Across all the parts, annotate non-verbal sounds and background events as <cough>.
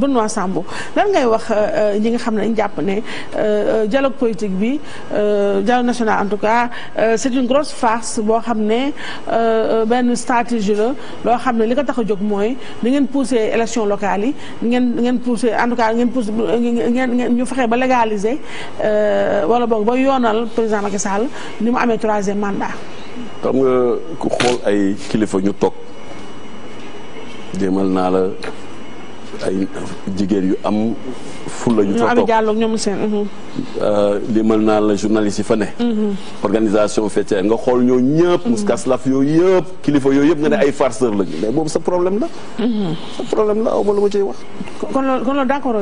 Benoît Sambou lan ngay wax euh, euh, ñi nga xam ne dañ jàpp ne euh, dialogue politique bi dialogue national en tout cas c'est une grosse farce boo xam ne benn stratégie la loo xam ne li ko tax a jóg mooy ni ngeen pousser élection locale yi ngeen ngeen pousser en tout cas ngeen pousser ngeen ñu fexe ba légaliser wala boog ba yoonal président Macky Sall ni mu amee troisième mandat. xam nga ku xool ay kilifa ñu toog jéemal naa la. ay jigéen yu am fulla ñu fa toog li mën naa la journaliste yi fa ne organisation fêtière nga xool ñoo ñëpp muskas laf yooyu kilifa yooyu yëpp nga ne ay farceur lañu mais boobu sa problème la sa problème la aw ma lu ma ciy wax kon loolu kon loolu d'accord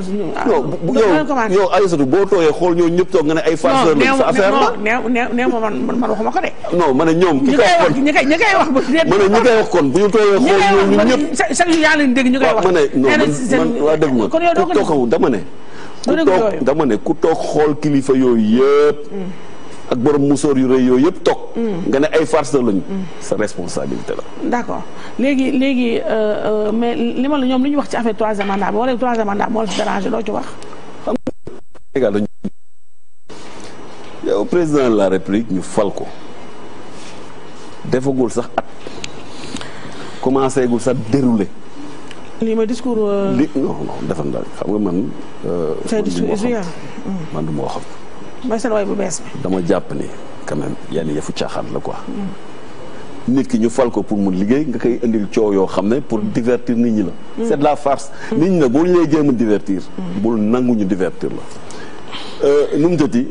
yow boo tooyee xool ñoo ñëpp toog nga ne ay sa affaire la nee ma man man waxuma ko de non ma ñoom ki koy wax ñi koy wax wax kon bu ñu tooyee xool ñu ñëpp chaque sa yaa leen dégg ñu koy wax ma ne non man waa dégg toog dama ne ku toog dama ne ku toog xool kilifa yooyu yëpp. Mm. ak borom musóor yu rëy yooyu yëpp toog. Mm. nga ne ay farceurs lañu. Mm. sa responsabilité la. d'accord léegi léegi euh, euh, mais li ma la ñoom li ñu wax ci affaire troisième mandat boo nee troisième mandat moo la fi dérangé doo ci wax. yow président de la république ñu fal ko defagul sax at commencé gul sax déroulé. lii mooy discours. Euh, li non non defal euh, ma waxoon. Mm. mooy seen waay dama jàpp ni quand yan yenn yëfu caaxaan la quoi. Mm. nit ki ñu fal ko pour mu liggéey nga koy indil coow yoo xam ne pour mm. divertir nit ñi la. c'est la farce. nit ñi nag boo ñu lay jéem a divertir. bul nangu ñu divertir la. Euh, nu mu tëddi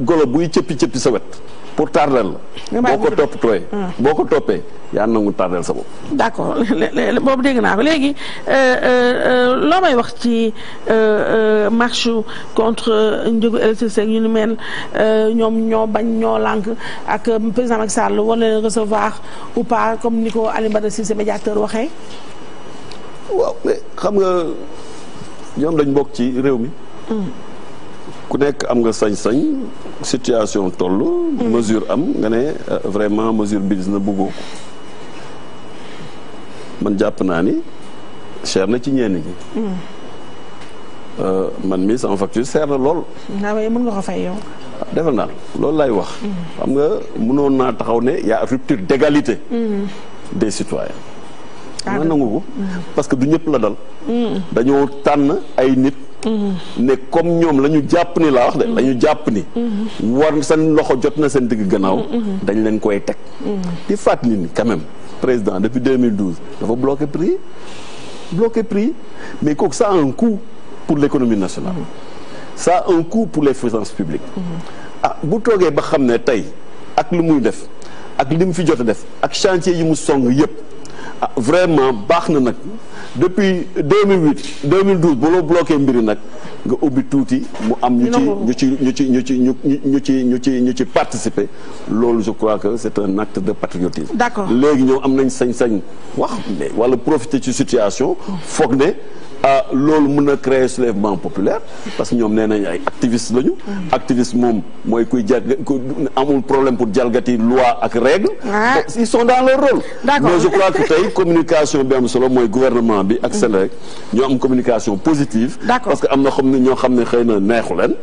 golo buy cëppi cëppi sa wet. pour tardal la. boo ko topp tooy. Ah. boo ko toppee yaa nangu tardal sa bopp. d' boobu dégg naa ko léegi euh, euh, loo may wax ci euh, marche contre njëgu électricité ak yu ñoom ñoo bañ ñoo lànk ak président Macky Sall war leen recevoir pas comme ni ko Alioune Badara Cissé médiateur waxee. mais xam nga ñoom dañ bokk ci réew mi. Hmm. ku nekk am nga sañ-sañ situation toll mesure am nga ne euh, vraiment mesure bi dis na bëggoo ko man jàpp naa ni cher na ci ñenn ñi hmm. euh, man mii sama facture cher na lool naa waaye lay nga ko fay ah, wax hmm. xam nga mënoon naa taxaw ne y a rupture d'égalité hmm. des citoyens ah nga nangu ko parce du ñëpp la dal dañoo tànn ay nit ne comme ñoom lañu jàpp ni laa wax de la jàpp ni war seen loxo jot na seen digg gannaaw dañ leen koy teg di fàttali ni quand même président depuis 2012 dafa bloqué prix bloqué prix mais kooku ça a un coût pour l'économie nationale ça un coût pour les finances publiques ah bu toogee ba xam ne tey ak lu muy def ak li mu fi jot a def ak chantier yi mu song yëpp Ah, vraiment baax na nag depuis 2008 2012 ba loo bloqué mbiri nag nga ubbi tuuti mu am ñu ci ñu ci ñu ci ñu ci ñu ci ñu ci ñu ci participer loolu je crois que c'est un acte de patriotisme d'accord léegi ñoom am nañ sañ-sañ wax mais wala profiter ci situation foog ne Euh, loolu mën a créer soulèvement populaire parce que ñoom nee nañ ay activiste lañu. activiste moom mooy kuy jal amul problème pour jalgati loi ak règle. ils sont dans leur rôle. mais je crois que tey communication bi am solo mooy gouvernement bi ak seen rek ñoo am communication positive. parce que am na xam ne ñoo xam ne xëy na neexu leen.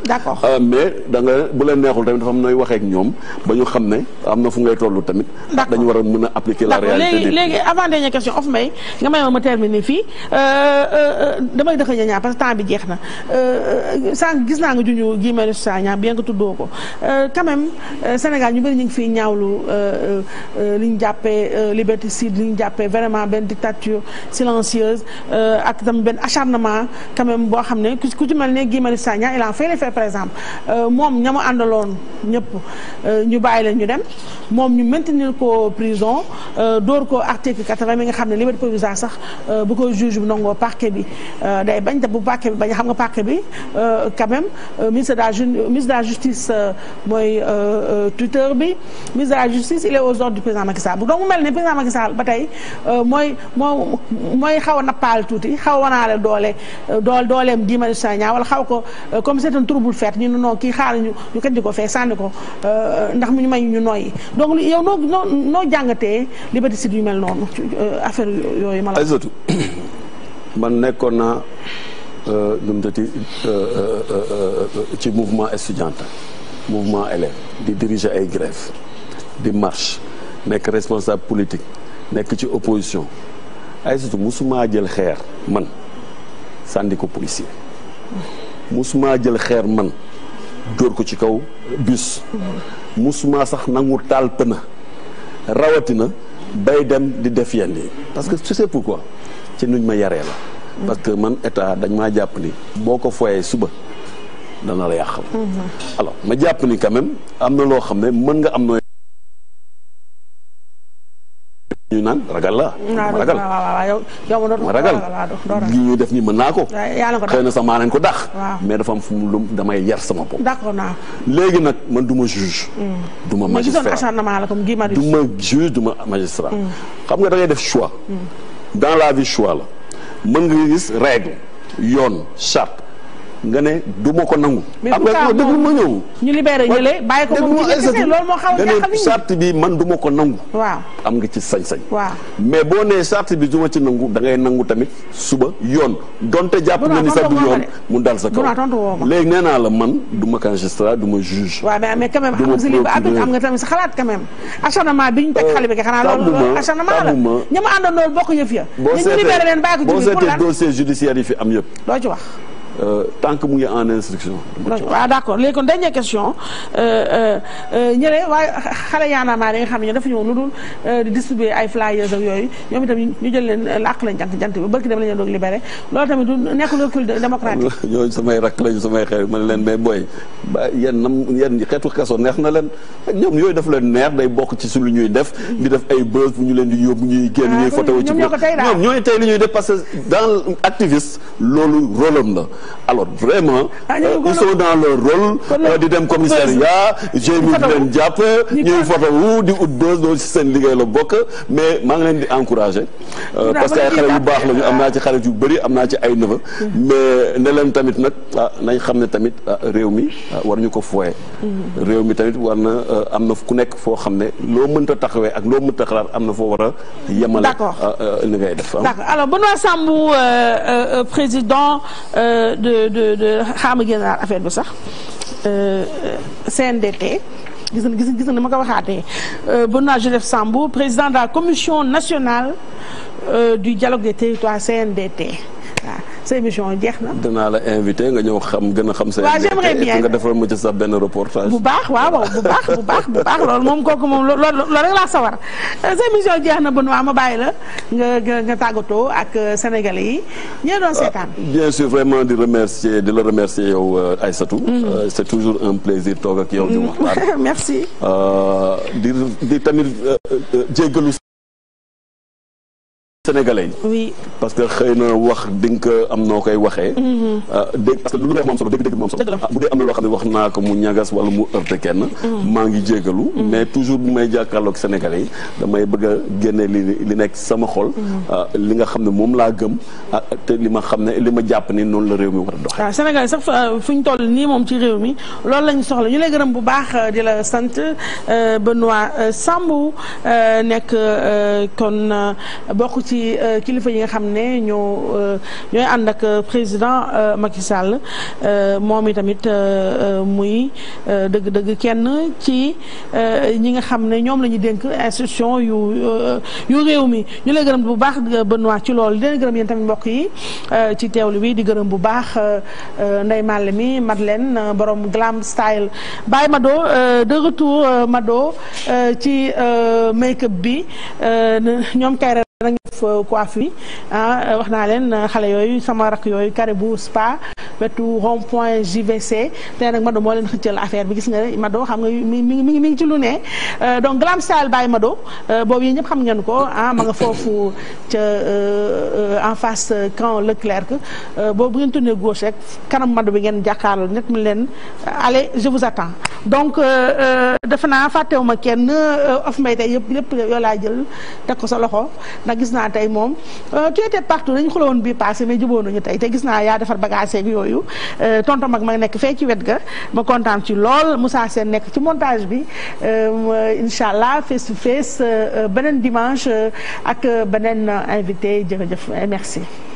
Euh, mais da nga bu leen neexul tamit dafa am nooy waxee ñoom ba ñu xam ne am na fu ngay tollu tamit. dañu war a mën a appliquer la réalité léegi damay dëkk ña ñaar parce que temps bi jeex na euh, sànq gis naa nga junj Guy Marius Sagna nga que tuddoo ko euh, quand même euh, Sénégal ñu bëri ñu ngi fiy ñaawlu li ñu jàppee liberticide li ñu jàppee vraiment benn dictature silencieuse ak tam benn acharnement quand boo xam ne ku ci mel ne Guy Marius Sagna il a fait par exemple moom ña mu àndaloon ñëpp ñu bàyyi leen ñu dem moom ñu maintenir ko prison door ko article 80 mi nga xam ne liberté provisoire sax bu ko juge bi nangoo parquet bi Euh, day bañ te bu parquet bi bañ xam nga parquet bi euh, quand même euh, ministre de la ministre de la justice mooy tuteur bi ministre de la justice il est aux ordres du président Macky Sall bu donc mu mel ne président Macky Sall ba tey mooy moo mooy xaw a nappaal tuuti xaw a naale doole dool dooleem di Mari Sagna wala xaw ko comme c'est un trouble feet ñu ne non kii xaar ñu ñu kat di ko fee sànni ko ndax mu ñu may ñu nooy donc yow noo noo noo jàngatee liberticide yu mel noonu affaire yooyu ma la man nekkoon naa euh, nu mu tëddee euh, euh, ci mouvement étudiant mouvement élève di diriger ay grève di marche nekk responsable politique nekk ci opposition ay surtout musumaa jël xeer man sànni ko policier musumaa jël xeer man dóor ko ci kaw bus musumaa sax nangu taal pëna rawatina bay dem di def yenn parce que tu sais pourquoi ci nuñ ma yaree la parce que man état dañ maa jàpp boo ko foyee suba dana la yàqal. Mhm. alors ma jàpp ni quand même am na loo xam ne mën nga am nooy. ñu naan ragal la ah, ma ragal ma ragal li ñuy def nii mën naa ko xëy na sax maa leen ko dàq mais dafa am fu mu lum damay yar sama bopp d'accord léegi nag man du ma juge mm. du ma magistrat du ma juge du ma magistrat mm. xam nga da def choix mm. dans la vie choix la mën nga gis règle yoon charte nga ne du ma ko nangu. après déglu ma ñëw. ñu libéré ñële bàyyi ko moom a nga xam ne charte bi man du ma ko nangu. waaw am nga ci sañ-sañ. waaw mais boo nee charte bi du ma ci nangu da ngay nangu tamit suba yoon. donte jàpp na ni sax du yoon mu dal sa kaw. léegi nee naa la man du ma magistrat du ma juge. waaw mais mais quand am nga tamit sa xalaat quand même. bi ñu teg euh, xale bi nga xanaa loolu loolu acharnement la ña ma àndoon loolu bokk yëf ya. boo seetee boo seetee dossier judiciaire yi fi am yëpp. doo ci wax. Euh, tant que mu ngi en instruction. waaw d' accord léegi kon dernière question euh, euh, ñële waaye xale yaanaamaar yi nga xam ne dafa ñëw lu dul di distribuer ay flyers ak yooyu ñoom itam ñu jël leen làq leen jant jant bi barki dem la ñu doog libéré loolu tamit du nekk lu recul démocratique. <laughs> leen mais booy ba yenn nam yenn xeetu kaso neex na leen ñoom yooyu daf leen neex day bokk ci su lu ñuy def. di def ay buzz bu ñu leen di yóbbu ñuy génn ñuy fotowu ah, ci ñoom ñooy tey li ñuy def parce que dans activiste loolu rôlam la alors vraiment. Ah, euh, ils sont dans leur rôle. Euh, di dem commissariat. jéem a leen jàpp ñuy foto wu di ut dose doo ci seen liggéey la bokk mais maa ngi leen di encouragé. Ah, euh, parce que ay xale yu baax la ñu am naa ci xarit yu bëri am naa ci ay neveu. Hmm. mais ne tamit nag ah nañ xam ne tamit ah, réew mi war ñu ko fooye. Hmm. réew mi tamit war na am na ku nekk foo xam ne loo mënta taxawee ak loo mënta xalaat am na foo war a yemale. d'accord li ngay def. d'accord alors Benoît président. de de de affaire bu sax euh, CNDT. gis na gis na gis na ma ko waxaatee euh, Benoît Joseph Sambou président de la commission nationale euh, du dialogue des territoires CNDT. sa émission jeex na. dinaa la invité nga ñëw xam gën a xam. sa invité nga defal ma ci sax benn reportage. bu baax waaw waaw bu baax bu baax bu baax loolu moom kooku moom loolu loolu rek laa sawar sa émission jeex na ba ma bàyyi la nga tàggatoo ak euh, sénégalais yi ñoo doon ah, bien sûr vraiment di remercier di la remercier yow euh, Aïssatou. Mm-hmm. Euh, c'est toujours un plaisir toog ak yow. di mm-hmm. waxtaan <laughs> merci. di tamit jéggalu sénégalais yi. parce que xëy na wax di nga am noo koy waxee. Mm-hmm. Ah, dégg parce que lu dee moom solo moom solo. Ah, bu dee am na loo xam ne wax naa ko mu ñagas wala mu heurte kenn. Mm-hmm. maa ngi jégalu. Mm-hmm. mais toujours bu may jàkkaarloog Sénégalais yi damay bëgg a génne li li nekk sama xol. Ah, li nga xam ne moom laa gëm te li ma xam ne li ma jàpp ni noonu la réew mi war a doxee. waaw Sénégal sax fu ñu toll nii moom ci réew mi loolu lañu soxla ñu lay gërëm bu baax di la sant Benoît Sambou nekk kon bokk ci kilifa yi nga xam xam ne ñoo euh, ñooy ànd ak euh, président euh, Macky Sall moom i tamit muy dëgg-dëgg kenn ci ñi nga xam ne ñoom la ñu dénk institution yu yu réew mi ñu lay gërëm bu baax Benoît ci lool di leen gërëm yéen tamit mbokk yi ci teewlu bi di gërëm bu baax Ndeye Malle mi Madeleine borom glam style Baye Mado de retour Mado ci make-up bi ñoom kay danañu def euh, coiffure yi ah wax naa leen euh, xale yooyu sama rakk yooyu kare bu spa wetu rond point JVC tey nag Mado moo leen xëccal affaire bi gis nga Mado xam nga mi mi mi ngi ci lu ne euh, donc Glam Sall baay Mado euh, boobu yi ñëpp xam ngeen ko ah ma nga foofu ca euh, en face camp Leclerc boobu bu ngeen tourné gauche rek kanam Mado bi ngeen jàkkaarloo ñett mu leen ale je vous attends donc defe naa fàttewuma kenn of mbay tey yëpp lépp yoo laa jël te ko sa loxo ndax gis naa tey moom tu étais partout dañu xulowoon bii passé mais jubóo nañu tey te gis naa yaa defar bagage yooyu yooyu euh, tonton mag ma nekk fee ci wet ga ma kontaan ci lool Moussa Sène nekk ci montage bi euh, incha allah face to face euh, beneen dimanche ak beneen invité jërëjëf merci